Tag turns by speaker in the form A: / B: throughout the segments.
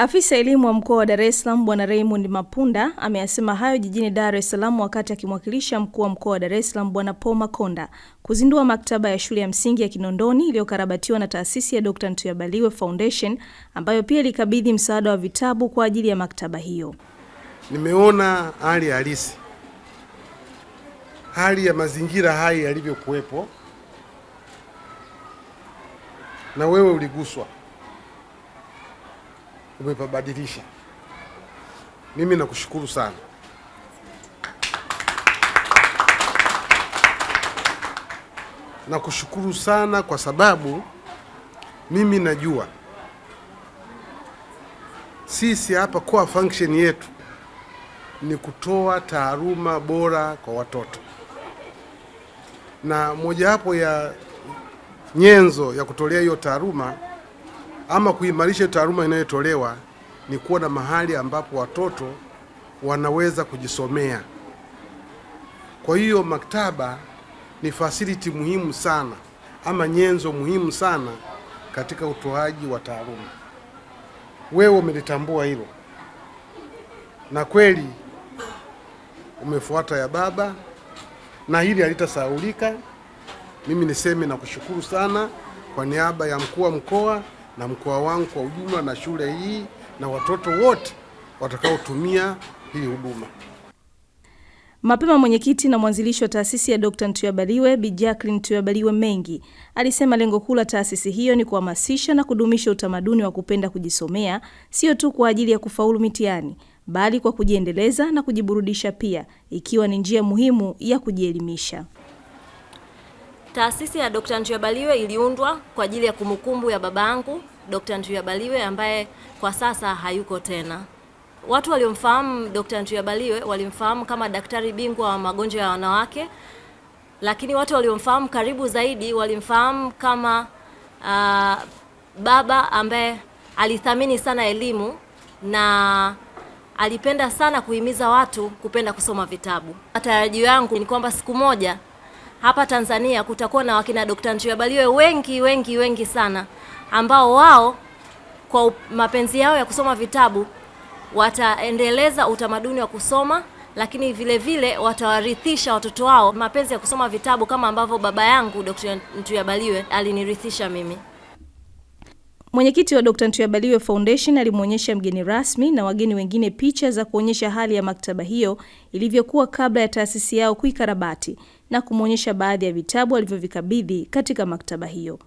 A: Afisa elimu wa mkoa wa Dar es Salaam Bwana Raymond Mapunda ameyasema hayo jijini Dar es Salaam wakati akimwakilisha mkuu wa mkoa wa Dar es Salaam Bwana Paul Makonda kuzindua maktaba ya shule ya msingi ya Kinondoni iliyokarabatiwa na taasisi ya Dr. Ntuyabaliwe Foundation ambayo pia ilikabidhi msaada wa vitabu kwa ajili ya maktaba hiyo. Nimeona hali halisi, hali ya mazingira haya yalivyokuwepo, na wewe uliguswa umepabadilisha. Mimi nakushukuru sana. Nakushukuru sana kwa sababu mimi najua sisi hapa kwa function yetu ni kutoa taaluma bora kwa watoto, na mojawapo ya nyenzo ya kutolea hiyo taaluma ama kuimarisha taaluma inayotolewa ni kuwa na mahali ambapo watoto wanaweza kujisomea. Kwa hiyo maktaba ni facility muhimu sana ama nyenzo muhimu sana katika utoaji wa taaluma. Wewe umelitambua hilo na kweli umefuata ya baba, na hili halitasahaulika. Mimi niseme na kushukuru sana kwa niaba ya mkuu wa mkoa na mkoa wangu kwa ujumla na shule hii na watoto wote watakaotumia hii huduma.
B: Mapema mwenyekiti na mwanzilishi wa taasisi ya Dr. Ntuyabaliwe Bi Jacqueline Ntuyabaliwe Mengi alisema lengo kuu la taasisi hiyo ni kuhamasisha na kudumisha utamaduni wa kupenda kujisomea, sio tu kwa ajili ya kufaulu mitihani, bali kwa kujiendeleza na kujiburudisha pia, ikiwa ni njia muhimu ya kujielimisha.
C: Taasisi ya Dr. Ntuyabaliwe iliundwa kwa ajili ya kumbukumbu ya babangu Dr. Ntuya Baliwe ambaye kwa sasa hayuko tena. Watu waliomfahamu Dr. Ntuya Baliwe walimfahamu kama daktari bingwa wa magonjwa ya wanawake, lakini watu waliomfahamu karibu zaidi walimfahamu kama uh, baba ambaye alithamini sana elimu na alipenda sana kuhimiza watu kupenda kusoma vitabu. Matarajio yangu ni kwamba siku moja hapa Tanzania kutakuwa na wakina Dr. Njia wengi wengi wengi sana ambao wao kwa mapenzi yao ya kusoma vitabu wataendeleza utamaduni wa kusoma, lakini vile vile watawarithisha watoto wao mapenzi ya kusoma vitabu kama ambavyo baba yangu Dr. Njia alinirithisha mimi.
B: Mwenyekiti wa Dr. Ntuyabaliwe Foundation alimwonyesha mgeni rasmi na wageni wengine picha za kuonyesha hali ya maktaba hiyo ilivyokuwa kabla ya taasisi yao kuikarabati na kumwonyesha baadhi ya vitabu alivyovikabidhi katika maktaba hiyo.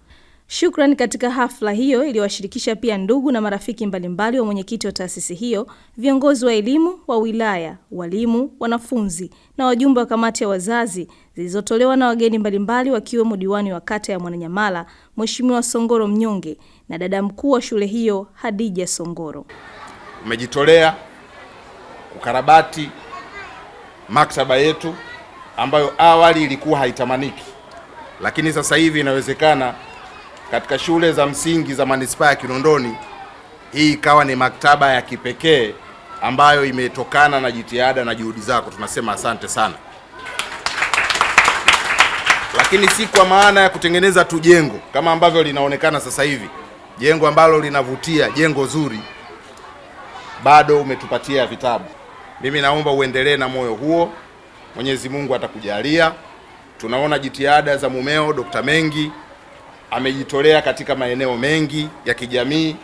B: Shukrani katika hafla hiyo iliyowashirikisha pia ndugu na marafiki mbalimbali wa mwenyekiti wa taasisi hiyo, viongozi wa elimu wa wilaya, walimu, wanafunzi na wajumbe wa kamati ya wazazi zilizotolewa na wageni mbalimbali wakiwemo diwani wa kata ya Mwananyamala Mheshimiwa Songoro Mnyonge na dada mkuu wa shule hiyo Hadija Songoro.
D: Umejitolea kukarabati maktaba yetu ambayo awali ilikuwa haitamaniki, lakini sasa hivi inawezekana katika shule za msingi za manispaa ya Kinondoni. Hii ikawa ni maktaba ya kipekee ambayo imetokana na jitihada na juhudi zako, tunasema asante sana. Lakini si kwa maana ya kutengeneza tu jengo kama ambavyo linaonekana sasa hivi, jengo ambalo linavutia, jengo zuri, bado umetupatia vitabu. Mimi naomba uendelee na moyo huo, Mwenyezi Mungu atakujalia. Tunaona jitihada za mumeo Dr. Mengi amejitolea katika maeneo mengi ya kijamii,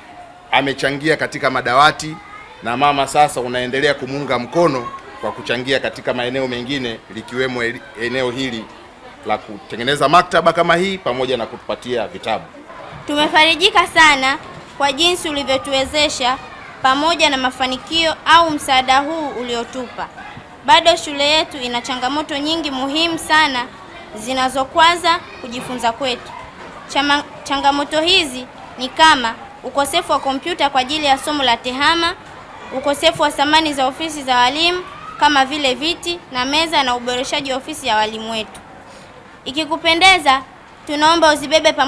D: amechangia katika madawati na mama sasa unaendelea kumuunga mkono kwa kuchangia katika maeneo mengine likiwemo eneo hili la kutengeneza maktaba kama hii pamoja na kutupatia vitabu.
E: Tumefarijika sana kwa jinsi ulivyotuwezesha pamoja na mafanikio au msaada huu uliotupa. Bado shule yetu ina changamoto nyingi muhimu sana zinazokwaza kujifunza kwetu. Chama, changamoto hizi ni kama ukosefu wa kompyuta kwa ajili ya somo la tehama, ukosefu wa samani za ofisi za walimu kama vile viti na meza na uboreshaji wa ofisi ya walimu wetu. Ikikupendeza, tunaomba uzibebe pamoja.